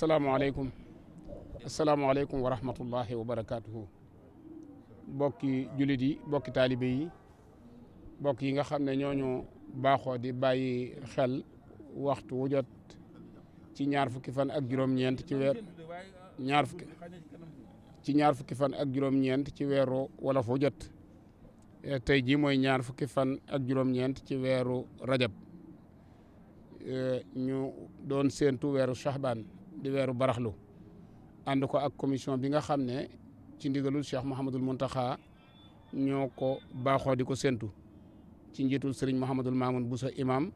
salaamaaleykum asalaamaaleykum wa rahmatullahi wa barakaatuhu bokki jullit yi bokki taalibe yi bokk yi nga xam ne ñooñu baaxoo di bàyyi xel waxtu wu ci ñaar fukki fan ak juróom-ñeent ci weer ñaar ñaar fukki fan ak juróom ci weeru wala fu jot eh, tey jii mooy ñaar fukki fan ak juróom-ñeent ci weeru rajab eh, ñu doon séentu weeru shahbaan di weeru baraxlu ànd ko ak commission bi nga xam ne ci ndigalul Cheikh Mouhamadul Mountakha ñoo ko baaxoo di ko séntu ci njiitul sëriñ Mouhamadul Mamoun Bousso imam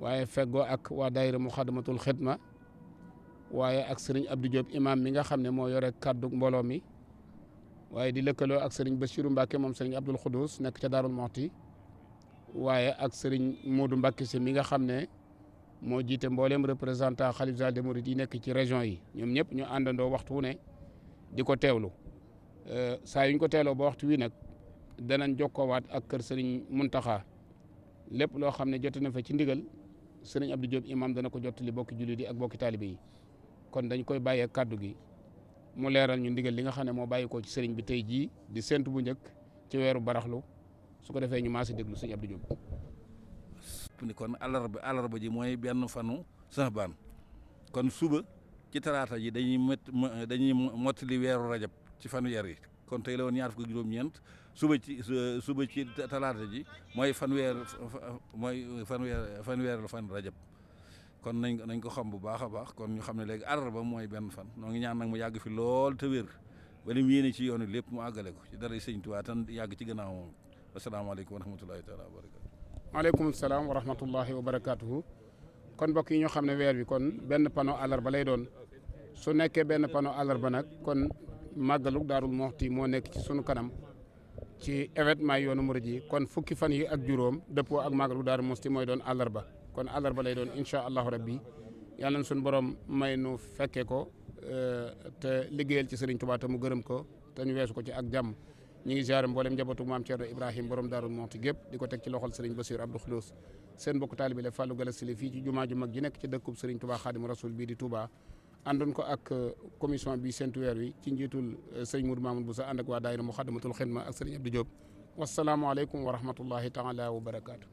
waaye feg feggoo ak waa daayira Muxadamatul Xidma waaye ak sëriñ abdu Diop imaam mi nga xam ne moo yore kàddu mbooloo mi waaye di lëkkaloo ak sëriñ Bassirou Mbacke moom sëriñ Abdoul Khoudous nekk ca Daarul Moxti waaye ak sëriñ Modou Mbacke si mi nga xam ne. moo jiite mbooleem représentant xalif général des mourides yi nekk ci région yi ñoom ñëpp ñu àndandoo waxtu wu ne di ko teewlu euh, saa yuñ ko teeloo ba waxtu wi nag dana danañ waat ak kër sëriñ Muntaxa lépp loo xam ne jote na fa ci ndigal sëriñ Abdou Diop imam dana ko jottali bokki julli yi ak bokki taalibe yi kon dañ koy bàyyee kàddu gi mu leeral ñu ndigal li nga xam ne moo bàyyi koo ci sëriñ bi tey jii di séntu bu njëkk ci weeru baraxlu su ko defee ñu maasi déglu sëriñ Abdou Diop ni kon alarba alarba ji mooy benn fanu baan kon suba ci talaata ji dañuy mot dañuy mottali weeru rajab ci fanweer yi kon tey la woon ñaar fukki juróom-ñeent suba ci suba ci talaata ji mooy fanweer mooy fanweer fanweer la fan rajab kon nañ nañ ko xam bu baax a baax kon ñu xam ne léegi alarba mooy benn fan noo ñaan nag mu yàgg fi lool te wér ba lim ci yoon wi lépp mu àggale ko ci dara Sëñ Tuubaa tan yàgg ci gannaaw moom asalaamaaleykum wa rahmatullahi taala wa barakatu maaleykum salaam wa rahmatullahi wa barakaatuhu kon mbokk yi ñoo xam ne weer wi kon benn panneau àllarba lay doon su nekkee benn panneau àllarba nag kon màggalug daarul moxti moo nekk ci sunu kanam ci événement yoonu murid yi kon fukki fan yi ak juróom dëppoo ak màggalug daarul moxti mooy doon àllarba kon àllarba lay doon incha allahu rabbi yàlla na sunu borom may nu fekkee ko eh, te liggéeyal ci Serigne Touba mu gërëm ko te ñu weesu ko ci ak jàmm. ñi ngi ziare mboolem njabootu maam Thierno Ibrahim borom Daarul Monti gépp di ko teg ci loxol Serigne Bassirou Abdou Khoudous seen mbokk taalibe la Fallou Galass Syll fii ci jumaa ju mag ji nekk ci dëkkub Serigne Touba Xaadimu Rasul bii di Touba àndoon ko ak euh, commission bi seentu weer wi ci njiitul euh, Serigne Mourou Mamoun Boussa ànd ak waa daayira Muxaddamatul Xidma ak Serigne Abdou Diop wasalaamualeykum wa rahmatullahi taala wa barakaatu.